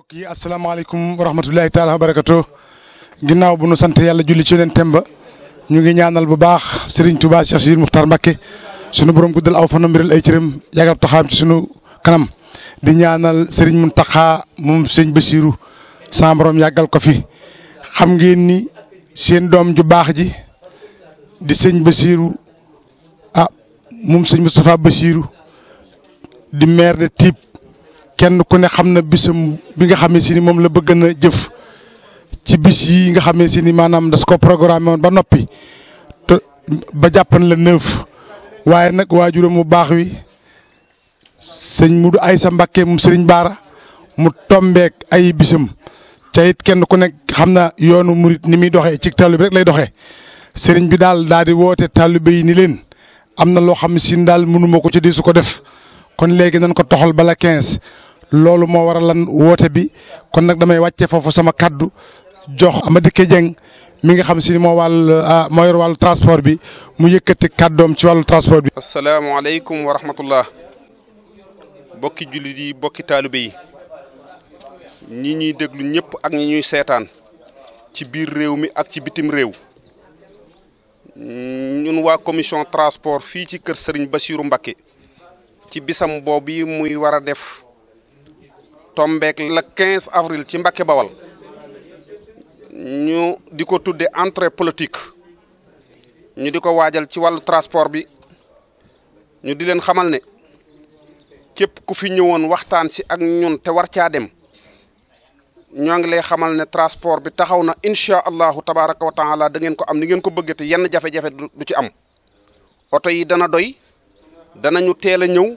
mbokk yi asalaamaaleykum wa rahmatulahi taala wa barakatu ginnaaw bu nu sant yàlla julli ci yeneen temba ñu ngi ñaanal bu baax sëriñ Touba Cheikh Sidi Moukhtar Mbacké sunu boroom guddal aw a biral ay cëram yàggal taxaam ci sunu kanam di ñaanal Serigne Mountakha moom sëñ Bassirou sama borom yàggal ko fi xam ngeen ni seen doom ju baax ji di sëñ Bassirou ah moom sëñ Moustapha Bassirou di maire de Typ. kenn ku ne xam na bisam bi nga xamee si ni moom la bëgg na jëf ci bis yi nga xamee si ni maanaam das ko programme ba noppi te ba jàppan la neuf waaye nag waajuram mu baax wi sëñ Mudu Aysa Mbàkke mu sëriñ Baara mu tombeek ay bisam ca kenn ku nekk xam na yoonu murit ni muy doxee ci taalibe rekk lay doxe sëriñ bi daal daal di woote taalibe yi ni leen am na loo xam si daal mënuma ko ci di su ko def kon léegi nañ ko toxal la 15 loolu moo waral lan woote bi kon nag damay wàccee foofu sama kàddu jox Madické Dieng mi nga xam si ni moo wàll ah, moo yor wàllu transport bi mu yëkkati kàddoom ci wàllu transport bi. asalaamaaleykum wa rahmatullah bokki jullit yi bokki taalibe yi ñi ñuy déglu ñëpp ak ñuy seetaan ci biir réew mi ak ci bitim réew ñun waa commission transport fii ci kër Serigne Bassirou mbakki ci bisam boobu muy war a def tombeek la 15 avril ci Mbàkke Bawal ñu di ko tudde entrée politique ñu di ko waajal ci wàllu transport bi ñu di leen xamal ne képp ku fi ñëwoon waxtaan si ak ñun te war caa dem ñoo ngi lay xamal ne transport bi taxaw na incha allahu tabaraka wa taala da ngeen ko am ni ngeen ko bëgg te yenn jafe-jafe du ci am oto yi dana doy danañu teel a ñëw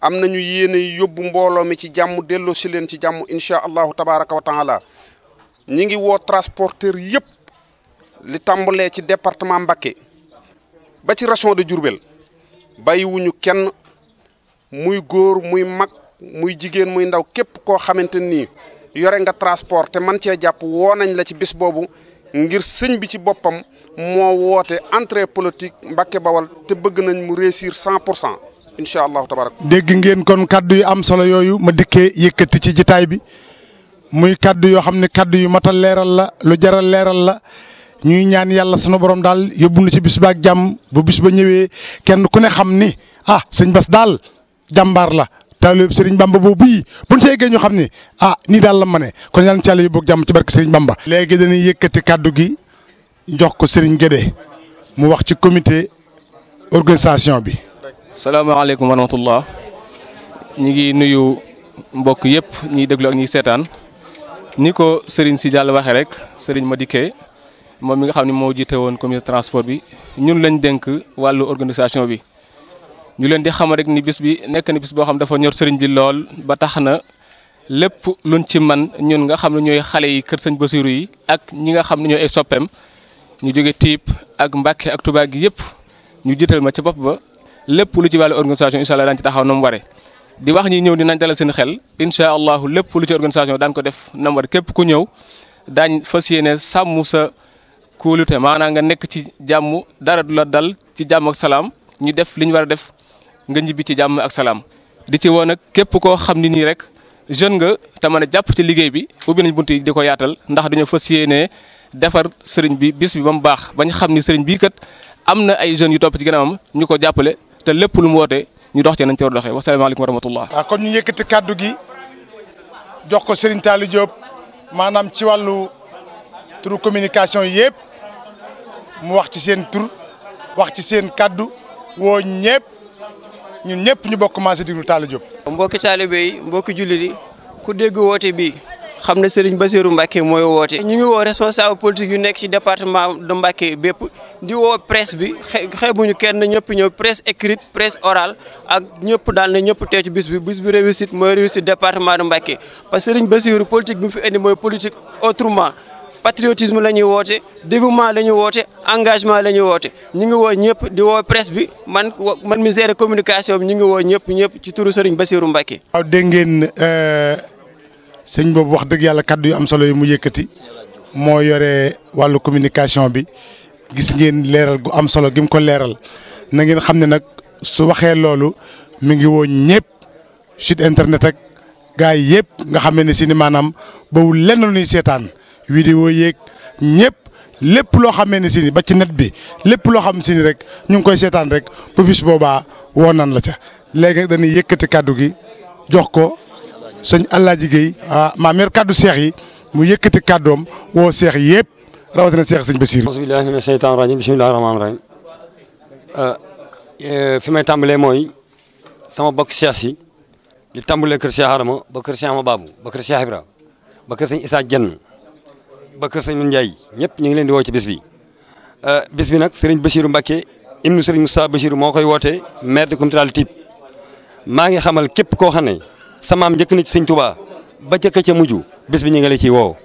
am nañu yéene yóbbu mbooloo mi ci jàmm delloo si leen ci jàmm incha allahu tabaraka wa taala ñi ngi woo transporteur yëpp li tàmbalee ci département Mbacké ba ci région de Diourbel bàyyiwuñu kenn muy góor muy mag muy jigéen muy ndaw képp koo xamante nii yore nga transport te man cee jàpp woo nañ la ci bis boobu ngir sëñ bi ci boppam moo woote entrée politique Mbacké Bawal te bëgg nañ mu réussir cent pour cent incha allahu tabaraka dégg ngeen kon kàddu yu am solo yooyu ma dikkee yëkkati ci jitaay bi muy kaddu yoo xam ne kaddu yu matal leeral la lu jaral leeral la ñuy ñaan yàlla sunu borom daal yóbbu na ci bis ba ak jàmm bu bis ba ñëwee kenn ku ne xam ni ah sëñ bas daal jàmbaar la. taalib Serigne Bamba boobu bii bu ñu see yeggee ñu xam ne ah nii daal la ma ne kon yàlla na ci yàlla jàmm ci barke Serigne Bamba. léegi dañuy yëkkati kàddu gi jox ko sëriñ Guédé mu wax ci comité organisation bi. salaamaaleykum wa rahmatullah ñi ngi nuyu mbokk yëpp ñiy déglu ak ñi seetaan ni ko Serigne si jàll waxee rek ma Madické moom mi nga xam ne moo jiite woon comité transport bi ñun lañ dénk wàllu organisation bi. ñu leen di xam rekk ni bis bi nekk ni bis boo xam dafa ñor Serigne bi lool ba tax na lépp luñ ci man ñun nga xam ne ñooy xale yi kër sëñ Basiru yi ak ñi nga xam ne ñooy ay soppeem ñu jóge Tiib ak Mbàkke ak Tuubaa gi yëpp ñu jiital ma ca bopp ba. lépp lu ci wàllu organisation incha allah daañu ci taxaw na mu waree di wax ñi ñëw di nañ dalal seen xel incha allahu lépp lu ci organisation daan ko def na mu waree képp ku ñëw daañ fas yéene sàmm sa kóolute maanaam nga nekk ci jàmm dara du la dal ci jàmm ak salaam ñu def li ñu war a def nga ñibbi ci jàmm ak salaam. di ci woon nag képp koo xam ni nii rek jeune nga te mën a jàpp ci liggéey bi ubbi nañ bunt yi di ko yaatal ndax dañoo fas yéene defar sëriñ bi bis bi ba mu baax ba xam ni sëriñ bii kat am na ay jeunes yu topp ci ginnaawam ñu ko jàppale. te lépp lu mu woote ñu dox ci nañ ci war a doxee wasalaamaaleykum wa rahmatullah. waaw kon ñu yëkkati kàddu gi jox ko Serigne Tali Diop maanaam ci wàllu turu communication yëpp mu wax ci seen tur wax ci seen kàddu woo ñëpp ñun ñëpp ñu bokk commencé diglu Tali Diop. mbokki taalibe yi mbokki jullit yi ku dégg woote bii. xam ne Serigne Bassirou Mbacké mooy woote. ñu ngi woo responsable politique yu nekk ci département de Mbacké bépp di woo presse bi xeebuñu kenn ñëpp ñëw presse écrite presse orale ak ñëpp daal na ñëpp tee ci bis bi bis bi réussite mooy réussite département de Mbacké. parce que Serigne Bassirou politique bi mu fi indi mooy politique autrement patriotisme la ñuy woote dévouement la ñuy woote engagement la ñuy woote ñu ngi woo ñëpp di woo presse bi man man ministère communication bi ñu ngi woo ñëpp ñëpp ci turu Serigne Bassirou Mbacké. sëñ boobu wax dëgg yàlla kàddu yu am solo yi mu yëkkati moo yore wàllu communication bi gis ngeen leeral gu am solo gi mu ko leeral na ngeen xam ne nag su waxee loolu mi ngi woon ñëpp site internet ak gaay yëpp nga xam ne si ni maanaam boobu lenn lu ñuy seetaan vidéo yéeg ñëpp lépp loo xame ne si ni ba ci net bi lépp loo xam si ni rek ñu ngi koy seetaan rek bu boobaa woo nan la ca léegi nag dañuy yëkkati kàddu gi jox ko. sëñ Alaaji Géey ah, maam yor kaddu seex yi mu yëkkati kàddoom woo seex yëpp rawatina seex sëñ Basiir. auzu billaahi mina sheytaani rajiim bismillaahi rahmaani ah, eh, fi may tàmbalee mooy sama bokk seex si di tàmbalee kër Seex Adama ba kër Seex Baabu ba kër Seex Ibra ba kër sëñ Isaa Jenn ba sëñ Njaay ñëpp ñu ngi leen di woo ci bis bi. Ah, bis bi nag sëriñ Basiiru Mbàkke ibnu sëriñ Mustafaa moo koy woote maire de Koumpentoul Typ maa ngi xamal képp koo xam ne sama maam njëkk na ci sëñ Touba ba jëkk ca mujj bés bi ñu ngi la ciy woow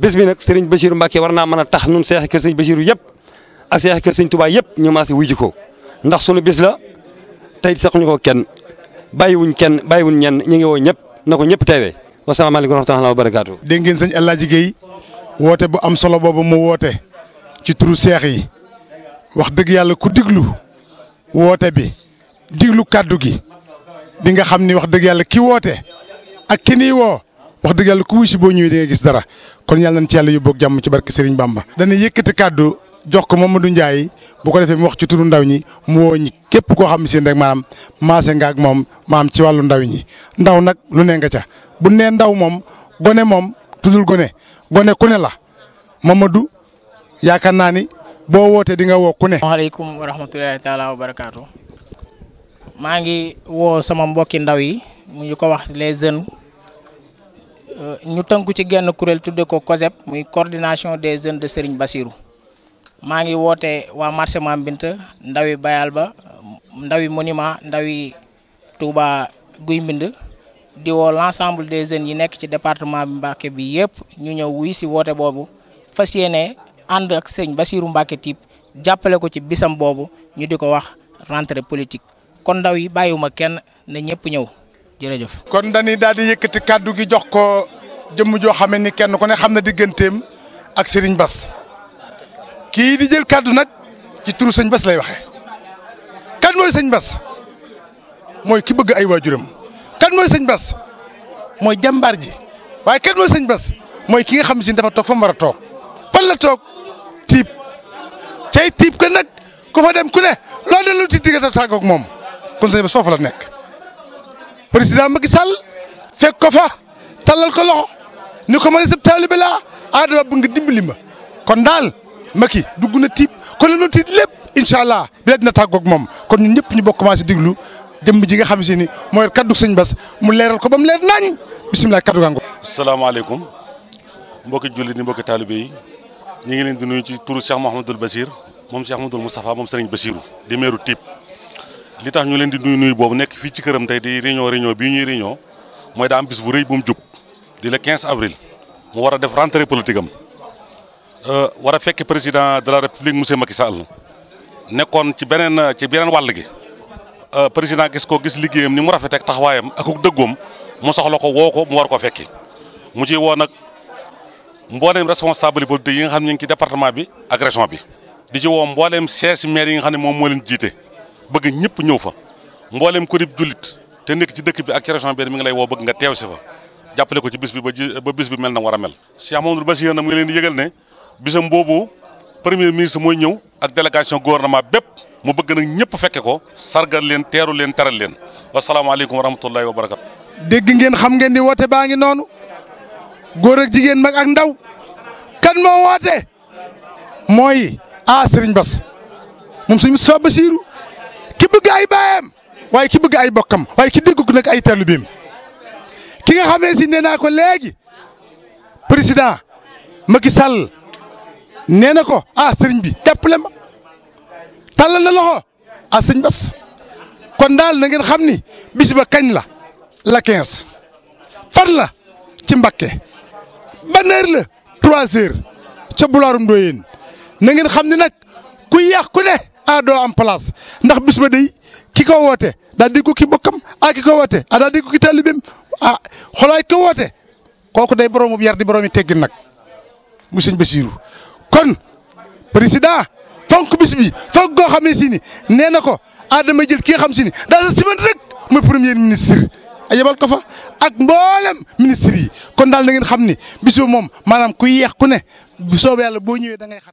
bés bi nag sëriñ Bachir Mbacke war naa mën a tax nun seex kër sëñ Bachir yëpp ak seex kër sëñ Touba yëpp ñu maase wuy ji ko ndax sunu bés la tey saxuñu ko kenn bàyyiwuñ kenn bàyyiwuñ ñenn ñu ngi woo ñëpp na ko ñëpp teewee wasalaamaaleykum wa rahmatulah wa barakaatu. dégg ngeen sëñ El Hadj Guèye woote bu am solo boobu mu woote ci turu seex yi wax dëgg yàlla ku diglu woote bi diglu kàddu gi di nga xam ni wax dëgg yàlla ki woote ak ki nii woo wax dëgg yàlla ku wuy boo ñëwee di nga gis dara kon yàlla nañ ci yàlla yóbbook jàmm ci barke baam Bamba. dana yëkkati kàddu jox ko ma Mamadou Ndiaye bu ko defee mu wax ci turu ndaw ñi mu woo ñi képp koo xam ne si rek maanaam maase nga ak moom maam ci wàllu ndaw ñi ndaw nag lu ne nga ca bu nee ndaw moom gone moom tuddul gone gone ku ne la ma Mamadou yaakaar naa ni boo wootee di nga woo ku ne. asalaamaaleykum wa rahmatulahi taala wa barakaatu. maa ngi woo sama mbokki ndaw yi mu ñu ko wax les jeunes euh, ñu tënku ci genn kuréel tudde ko COSEB muy coordination des jeunes de Serigne Bassirou maa ngi woote waa marché Mame Binta ndawi Bayal ba ndawi monument ndawi Touba Guy Mbind di woo l'ensemble des jeunes yi nekk ci département bi bi yëpp ñu ñëw wuy si woote boobu fas yéene ànd ak sëñ Bassirou Mbacké Typ jàppale ko ci bisam boobu ñu di ko wax rentrée politique kon ndaw yi bàyyiwuma kenn ne ñëpp ñëw jërëjëf. kon dañuy daal di yëkkati kàddu gi jox ko jëmm joo xame ni kenn ku ne xam na digganteem ak sëriñ bas kii di jël kàddu nag ci turu sëñ bas lay waxe kan mooy sëñ bas mooy ki bëgg ay waajuram kan mooy sëñ Bass mooy jàmbaar ji waaye kan mooy sëñ bas mooy ki nga xam si dafa toog fa mu a toog fan la toog tiib cay tiib ko nag ku fa dem ku ne loo dellu ci diggante tàggoog moom. conseil ba soofa la nekk président Macky Sall fekk ko fa tallal ko loxo ni ko ma ne sab taalibe laa aadama bu nga dimbali ma kon daal Macky dugg na tiib kon la noonu tiit lépp incha allah bi la dina tàggoog moom kon ñun ñëpp ñu bokk commencé diglu jëmm ji nga xam si ni mooy kaddu sëñ Bass mu leeral ko ba mu leer nañ bisimilah kaddu gaa ngoog. salaamaaleykum mbokki jullit ni mbokki taalibe yi ñu ngi leen di nuyu ci turu Cheikh Mouhamadul Bachir moom Cheikh Mouhamadul Moustapha moom Serigne Bachirou di meeru li tax ñu leen di nuyu nuyu boobu nekk fii ci këram tey di réunion réunion bii ñuy réunion mooy daa am bis bu rëy bu mu jub di la 15 avril mu war a def rentrée politique am euh, war a fekk président de la république monsieur Macky Sall nekkoon ci beneen ci beneen wàll gi euh, président gis ko gis liggéeyam ni mu rafet ak taxawaayam akuk dëggoom mu soxla ko woo ko mu war ko fekki mu ciy woo nag mbooleem responsable politique yi nga xam ne ñu ngi ci département bi ak région bi di ci woo mbooleem siège maire yi nga xam ne moom moo leen jiite. bëgg ñëpp ñëw fa mboolem ko rib jullit te nekk ci dëkk bi ak ci région bi mi ngi lay woo bëgg nga teew si fa jàppale ko ci bis bi ba ji bi mel na war a mel Cheikh Mamadou Bassirou na mu ngi leen di yëgal ne bisam boobu premier ministre mooy ñëw ak délégation gouvernement bépp mu bëgg nag ñëpp fekke ko sargal leen teeru leen taral leen wasalaamaaleykum wa rahmatullahi wa barakatu dégg ngeen xam ngeen di woote baa ngi noonu góor ak jigéen mag ak ndaw kan moo woote mooy a Serigne Bass bëgg ay baayam waaye ki bëgg ay bokkam waaye ki dégg nekk ay taalibeem ki nga xamee si nee naa ko léegi président Macky Sall nee na ko ah sëriñ bi jàppale ma tàllal na loxo a ah, sëriñ Bass kon daal na ngeen xam ni bis ba kañ la la 15 fan la ci Mbakke ban heure la 3 ca bulaarum Ndoyeen na ngeen xam ni nag ku yàq ku ne. a ah, doo am place ndax bis ba ki ko woote daal di ko ki bokkam a ah, ki ko woote a ah, daa di ko ki taalibeem ah xolaay ko woote kooku day boroomu yar di boroomi teggin nag mu sëñ Basiiru kon président fonk bis bi fonk goo xamee si nee na ko Adama jël ki nga xam si ni daa sa semaine rek mooy premier ministre a yebal ko fa ak mboolem ministre yi kon daal na ngeen xam ni bis moom maanaam ku yeex ku ne bu soobee yàlla boo ñëwee da ngay xat